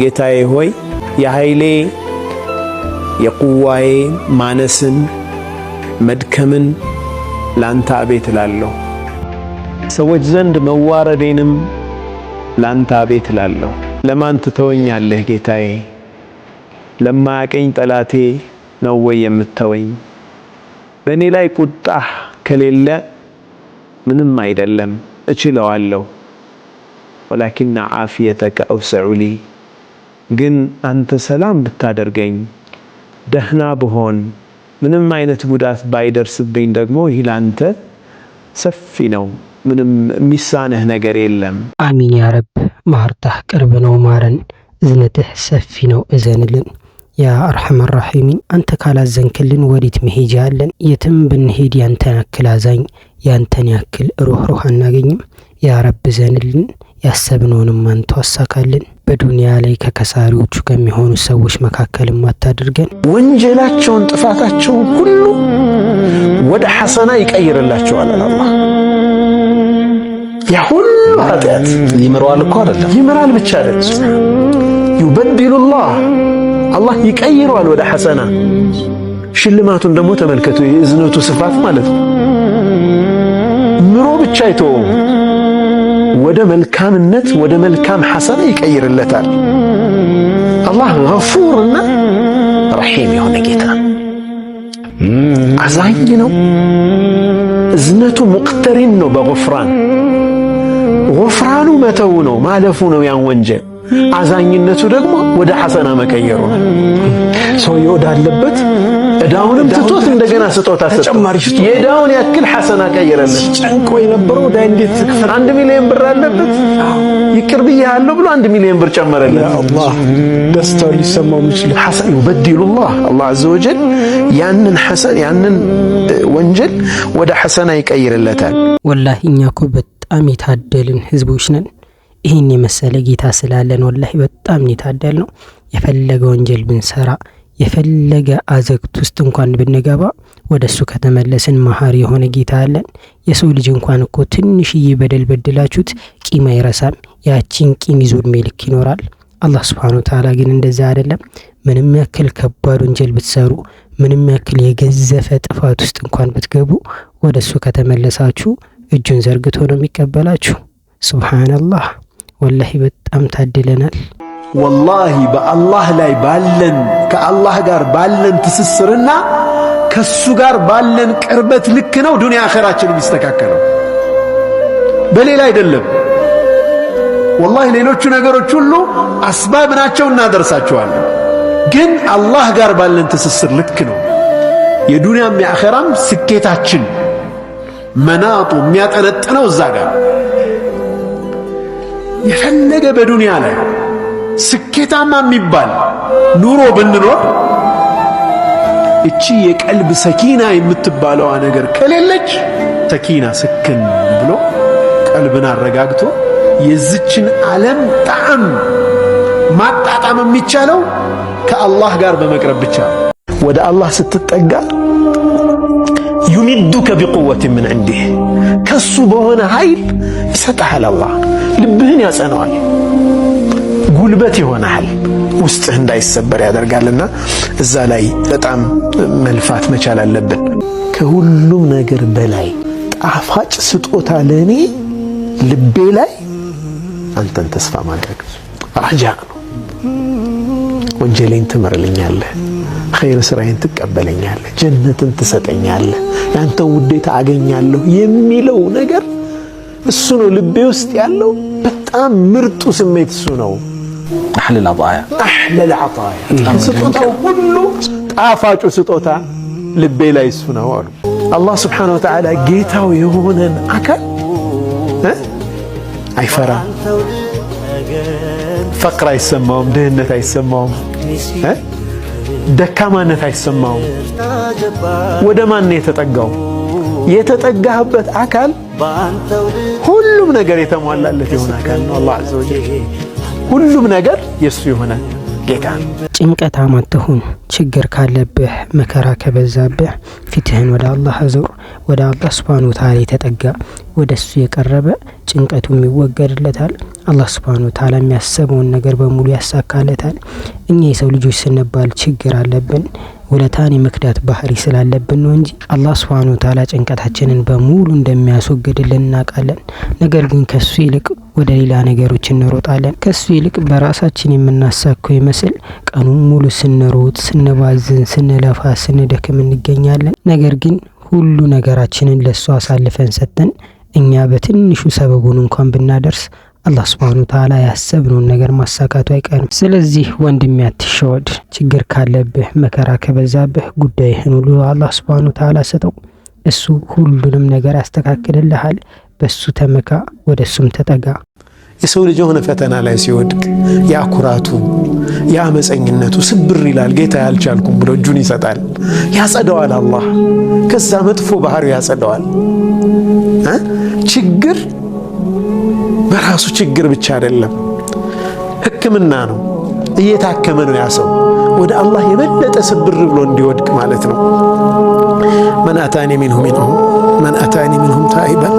ጌታዬ ሆይ የኃይሌ የቁዋዬ ማነስን መድከምን ላንተ አቤት እላለሁ። ሰዎች ዘንድ መዋረዴንም ላንተ አቤት እላለሁ። ለማን ትተወኛለህ ጌታዬ? ለማያቀኝ ጠላቴ ነው ወይ የምትተወኝ? በእኔ ላይ ቁጣህ ከሌለ ምንም አይደለም፣ እችለዋለሁ። ወላኪና ዓፊየተከ አውሰዑ ሊ ግን አንተ ሰላም ብታደርገኝ ደህና ብሆን ምንም አይነት ጉዳት ባይደርስብኝ ደግሞ ይህ ላንተ ሰፊ ነው። ምንም የሚሳንህ ነገር የለም። አሚን ያ ረብ። ማርታህ ቅርብ ነው፣ ማረን። እዝነትህ ሰፊ ነው፣ እዘንልን። ያ አርሐም ራሒሚን አንተ ካላዘንክልን ወዴት መሄጃ አለን? የትም ብንሄድ ያንተን ያክል አዛኝ፣ ያንተን ያክል ሩኅሩህ አናገኝም። ያ ረብ እዘንልን፣ ያሰብነውንም አንተ አሳካልን። በዱንያ ላይ ከከሳሪዎቹ ከሚሆኑ ሰዎች መካከልም አታድርገን። ወንጀላቸውን ጥፋታቸውን ሁሉ ወደ ሐሰና ይቀይርላቸዋል አላ ያ ሁሉ ኃጢአት ይምረዋል እኮ አይደለም፣ ይምራል ብቻ አይደለም። ዩበድሉላህ አላህ ይቀይረዋል ወደ ሐሰና። ሽልማቱን ደግሞ ተመልከቱ፣ የእዝነቱ ስፋት ማለት ነው። ምሮ ብቻ አይተወውም። ወደ መልካምነት ወደ መልካም ሐሰና ይቀይርለታል። አላህ ገፉርና ረሒም የሆነ ጌታ አዛኝ ነው። እዝነቱ ሙቅተሪን ነው። በጉፍራን ጉፍራኑ መተው ነው ማለፉ ነው ያን ወንጀል አዛኝነቱ ደግሞ ወደ ሐሰና መቀየሩ ነው። ሰውየው ወዳለበት እዳውንም ትቶት እንደገና ስጦታ ሰጠው። የዳውን ያክል ሐሰና ቀየረለት። ጨንቆ የነበረው ዳይ እንዴት አንድ ሚሊዮን ብር አለበት ይቅር ብያለሁ ብሎ አንድ ሚሊዮን ብር ጨመረለት። ደስታው ሊሰማው ይችላል። ሐሰን ይበድሉላህ አላህ ዐዘ ወጀል ያንን ሐሰን ያንን ወንጀል ወደ ሐሰና ይቀይርለታል። ወላሂ እኛ እኮ በጣም የታደልን ህዝቦች ነን። ይህን የመሰለ ጌታ ስላለን ወላሂ በጣም የታደል ነው። የፈለገ ወንጀል ብንሰራ የፈለገ አዘግት ውስጥ እንኳን ብንገባ ወደ እሱ ከተመለስን መሀሪ የሆነ ጌታ አለን። የሰው ልጅ እንኳን እኮ ትንሽዬ በደል በድላችሁት ቂም አይረሳም። ያቺን ቂም ይዞ ዕድሜ ልክ ይኖራል። አላህ ስብሓነ ወተዓላ ግን እንደዛ አይደለም። ምንም ያክል ከባድ ወንጀል ብትሰሩ፣ ምንም ያክል የገዘፈ ጥፋት ውስጥ እንኳን ብትገቡ ወደ እሱ ከተመለሳችሁ እጁን ዘርግቶ ነው የሚቀበላችሁ። ሱብሓነላህ ወላሂ በጣም ታድለናል። ወላሂ በአላህ ላይ ባለን ከአላህ ጋር ባለን ትስስርና ከሱ ጋር ባለን ቅርበት ልክ ነው ዱንያ አኸራችን የሚስተካከለው፣ በሌላ አይደለም። ወላሂ ሌሎቹ ነገሮች ሁሉ አስባብ ናቸው፣ እናደርሳቸዋለን። ግን አላህ ጋር ባለን ትስስር ልክ ነው የዱንያም የአኸራም ስኬታችን መናጡ የሚያጠነጥነው እዛ ጋር የፈለገ በዱንያ ላይ ስኬታማ የሚባል ኑሮ ብንኖር እቺ የቀልብ ሰኪና የምትባለዋ ነገር ከሌለች ሰኪና ስክን ብሎ ቀልብን አረጋግቶ የዝችን ዓለም ጣዕም ማጣጣም የሚቻለው ከአላህ ጋር በመቅረብ ብቻ። ወደ አላህ ስትጠጋ ዩሚዱከ ቢቁወት ምን ዐንዲህ ከሱ በሆነ ኃይል ይሰጠሃል አላህ ልብህን ያጸነዋል፣ ጉልበት ይሆናል፣ ውስጥህ እንዳይሰበር ያደርጋልና እዛ ላይ በጣም መልፋት መቻል አለብን። ከሁሉም ነገር በላይ ጣፋጭ ስጦታ ለእኔ ልቤ ላይ አንተን ተስፋ ማድረግ ረጃ ነው። ወንጀሌን ትምርልኛለህ፣ ኸይር ስራዬን ትቀበለኛለህ፣ ጀነትን ትሰጠኛለህ፣ ያንተን ውዴታ አገኛለሁ የሚለው ነገር እሱ ነው ልቤ ውስጥ ያለው። በጣም ምርጡ ስሜት እሱ ነው። አህለል አጣያ አህለል አጣያ ስጦታው ሁሉ ጣፋጩ ስጦታ ልቤ ላይ እሱ ነው አሉ። አላህ ስብሓነሁ ወተዓላ ጌታው የሆነን አካል አይፈራ፣ ፈቅር አይሰማውም፣ ድህነት አይሰማውም፣ ደካማነት አይሰማውም። ወደ ማን ነው የተጠጋው? የተጠጋህበት አካል ሁሉም ነገር የተሟላለት የሆነ አካል ነው አላህ አዘወጀል። ሁሉም ነገር የእሱ የሆነ ጌታ ነው። ጭንቀታም አትሁን። ችግር ካለብህ፣ መከራ ከበዛብህ ፊትህን ወደ አላህ አዙር። ወደ አላህ ስብሓን ወተዓላ የተጠጋ ወደ እሱ የቀረበ ጭንቀቱም ይወገድለታል። አላህ ስብሓን ወተዓላ የሚያሰበውን ነገር በሙሉ ያሳካለታል። እኛ የሰው ልጆች ስንባል ችግር አለብን ውለታን የመክዳት ባህሪ ስላለብን ነው እንጂ አላህ ስብሃነ ወተዓላ ጭንቀታችንን በሙሉ እንደሚያስወግድልን እናውቃለን። ነገር ግን ከሱ ይልቅ ወደ ሌላ ነገሮች እንሮጣለን። ከሱ ይልቅ በራሳችን የምናሳካው ይመስል ቀኑን ሙሉ ስንሮጥ፣ ስንባዝን፣ ስንለፋ፣ ስንደክም እንገኛለን። ነገር ግን ሁሉ ነገራችንን ለሱ አሳልፈን ሰጥተን እኛ በትንሹ ሰበቡን እንኳን ብናደርስ አላህ ስብሃኑ ተዓላ ያሰብነውን ነገር ማሳካቱ አይቀርም። ስለዚህ ወንድሜ አትሸወድ። ችግር ካለብህ፣ መከራ ከበዛብህ ጉዳይህን ሁሉ አላህ ስብሃኑ ተዓላ ሰጠው። እሱ ሁሉንም ነገር ያስተካክልልሃል። በሱ ተመካ፣ ወደ እሱም ተጠጋ። የሰው ልጅ የሆነ ፈተና ላይ ሲወድቅ ያ ኩራቱ፣ ያ አመፀኝነቱ ስብር ይላል። ጌታ ያልቻልኩም ብሎ እጁን ይሰጣል። ያጸደዋል። አላህ ከዛ መጥፎ ባህሪው ያጸደዋል። ችግር በራሱ ችግር ብቻ አይደለም፣ ሕክምና ነው። እየታከመ ነው ያ ሰው ወደ አላህ የበለጠ ስብር ብሎ እንዲወድቅ ማለት ነው። መን አታኒ ሚንሁም ሚንሁም መን አታኒ ሚንሁም ታኢበን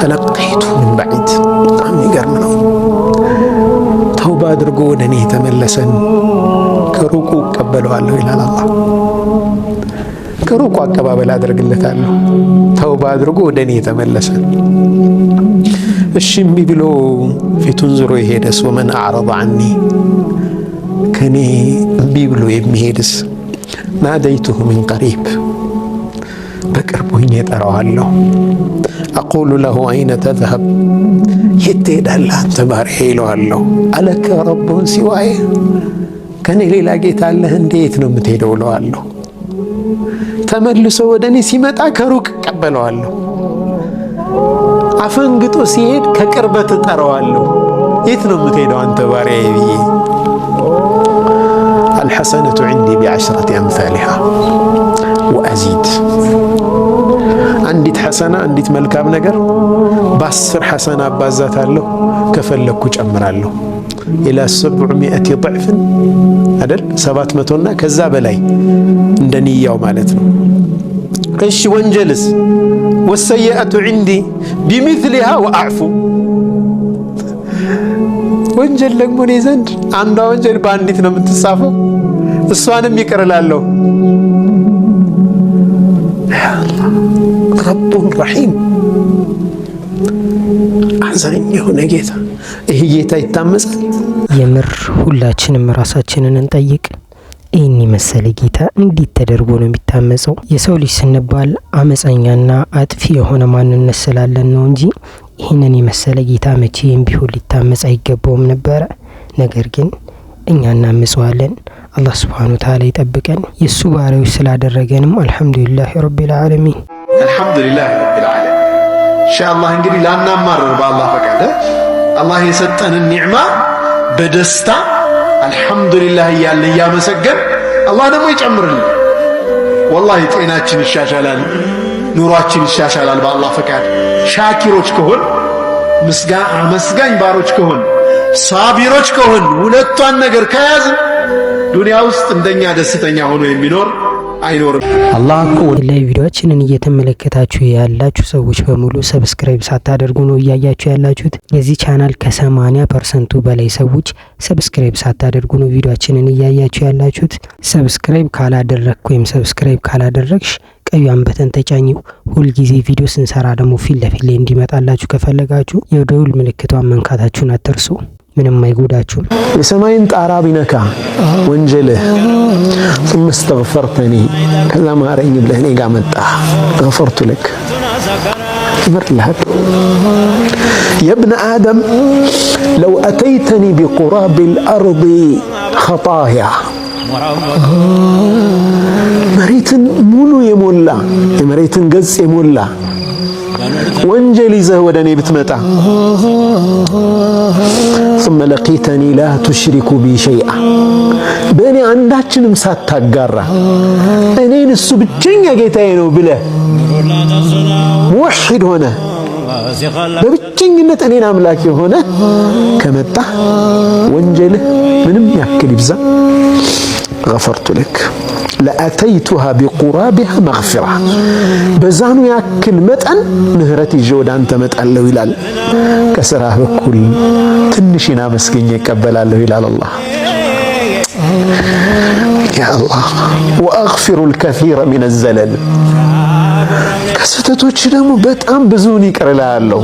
ተለቀይቱ ምን በዒድ። በጣም የሚገርም ነው። ተውባ አድርጎ ወደ እኔ የተመለሰን ከሩቁ እቀበለዋለሁ ይላል አላህ። ድንቅ አቀባበል አደርግለታለሁ። ተውባ አድርጎ ወደ እኔ የተመለሰ እሺም ብሎ ፊቱን ዞሮ የሄደስ ወመን አዕረض ዐኒ ከኔ እምቢ ብሎ የሚሄድስ ናደይቱሁ ሚን ቀሪብ በቅርቡ ሆኜ እጠራዋለሁ። አቁሉ ለሁ አይነ ተዝሀብ የት ትሄዳለህ አንተ ባሪያ ይለዋለሁ። አለከ ረቡን ሲዋየ ከኔ ሌላ ጌታ አለህ? እንዴት ነው የምትሄደው? እለዋለሁ ተመልሶ ወደ እኔ ሲመጣ ከሩቅ እቀበለዋለሁ። አፈንግጦ ሲሄድ ከቅርበት እጠራዋለሁ። የት ነው የምትሄደው አንተ ባሪያዬ ብዬ። አልሐሰነቱ ዐንዲ ቢዐሽረቲ አምሳሊሃ ወአዚድ። አንዲት ሐሰና አንዲት መልካም ነገር በአስር ሐሰና አባዛታለሁ፣ ከፈለግኩ ጨምራለሁ። ኢላ ሰብዕ ሚአቲ ضዕፍን አይደል? ሰባት መቶና ከዛ በላይ እንደ ንያው ማለት ነው። እሺ ወንጀልስ ወሰየአቱ ዒንዲ ቢሚስሊሃ ወአዕፉ ወንጀል ደግሞ እኔ ዘንድ አንዷ ወንጀል በአንዲት ነው የምትጻፈው፣ እሷንም ይቅር እላለሁ። ረቡን ረሒም አዛኝ የሆነ ጌታ ይህ ጌታ ይታመጻል። የምር ሁላችንም ራሳችንን እንጠይቅ። ይህን የመሰለ ጌታ እንዴት ተደርጎ ነው የሚታመጸው? የሰው ልጅ ስንባል አመፀኛና አጥፊ የሆነ ማንነት ስላለን ነው እንጂ ይህንን የመሰለ ጌታ መቼም ቢሆን ሊታመጽ አይገባውም ነበረ። ነገር ግን እኛ እናምጸዋለን። አላህ ስብሓኑ ወተዓላ ይጠብቀን። የእሱ ባሪያዎች ስላደረገንም አልሐምዱሊላህ ረቢልዓለሚን። ኢንሻአላህ እንግዲህ ላናማረር በአላህ ፈቃደ አላህ የሰጠንን ኒዕማ በደስታ አልሐምዱሊላህ እያለ እያመሰገን አላህ ደግሞ ይጨምርልን። ወላሂ ጤናችን ይሻሻላል፣ ኑሯችን ይሻሻላል በአላህ ፈቃድ። ሻኪሮች ከሆን ምስጋ አመስጋኝ ባሮች ከሆን ሳቢሮች ከሆን ሁለቷን ነገር ከያዝን ዱንያ ውስጥ እንደኛ ደስተኛ ሆኖ የሚኖር አይኖርም። አላህ እኮ ላይ ቪዲዮችንን እየተመለከታችሁ ያላችሁ ሰዎች በሙሉ ሰብስክራይብ ሳታደርጉ ነው እያያችሁ ያላችሁት። የዚህ ቻናል ከሰማንያ ፐርሰንቱ በላይ ሰዎች ሰብስክራይብ ሳታደርጉ ነው ቪዲዮችንን እያያችሁ ያላችሁት። ሰብስክራይብ ካላደረግኩ ወይም ሰብስክራይብ ካላደረግሽ ቀዩን በተን ተጫኝ። ሁልጊዜ ቪዲዮ ስንሰራ ደግሞ ፊት ለፊት ላይ እንዲመጣላችሁ ከፈለጋችሁ የደውል ምልክቷን መንካታችሁን አትርሱ። ምንም አይጎዳችሁም። የሰማይን ጣራ ቢነካ ወንጀልህ ሱመ እስተግፈርተኒ ከዛ ማረኝ ብለህ እኔ ጋር መጣ ገፈርቱ ለክ ይመርልሃል። የብነ አደም ለው አተይተኒ ቢቁራቢ ልአርድ ኸጣያ መሬትን ሙሉ የሞላ የመሬትን ገጽ የሞላ ወንጀል ይዘህ ወደ እኔ ብትመጣ ثم لقيتني لا تشرك بي شيئا በእኔ አንዳችንም ሳታጋራ እኔን እሱ ብቸኛ ጌታዬ ነው ብለህ ሙወሒድ ሆነ በብቸኝነት እኔን አምላክ የሆነ ከመጣ ወንጀልህ ምንም ያክል ይብዛ ገፈርቱ ለክ ለአተይቱሃ ቢቁራቢሃ መግፊራ በዛኑ ያክል መጠን ምህረት ይዤ ወደ አንተ መጣለሁ ይላል። ከስራህ በኩል ትንሽና መስገኝ ይቀበላለሁ ይላል አላህ። ያአላህ ወአግፊሩ ልከሲረ ሚነ ዘለል ከስህተቶች ደግሞ በጣም ብዙውን ይቅር እልሃለሁ።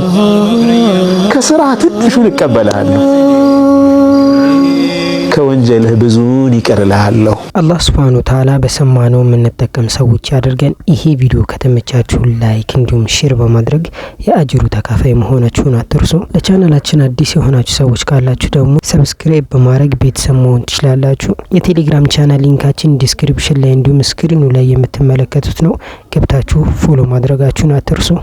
ከስራህ ትንሹን እቀበላለሁ። ከወንጀልህ ብዙን ይቅርልሃለሁ። አላህ ስብሐነ ወተዓላ በሰማነው የምንጠቀም ሰዎች ያደርገን። ይሄ ቪዲዮ ከተመቻችሁ ላይክ እንዲሁም ሼር በማድረግ የአጅሩ ተካፋይ መሆናችሁን አትርሱ። ለቻናላችን አዲስ የሆናችሁ ሰዎች ካላችሁ ደግሞ ሰብስክራይብ በማድረግ ቤተሰብ መሆን ትችላላችሁ። የቴሌግራም ቻናል ሊንካችን ዲስክሪፕሽን ላይ እንዲሁም ስክሪኑ ላይ የምትመለከቱት ነው። ገብታችሁ ፎሎ ማድረጋችሁን አትርሱ።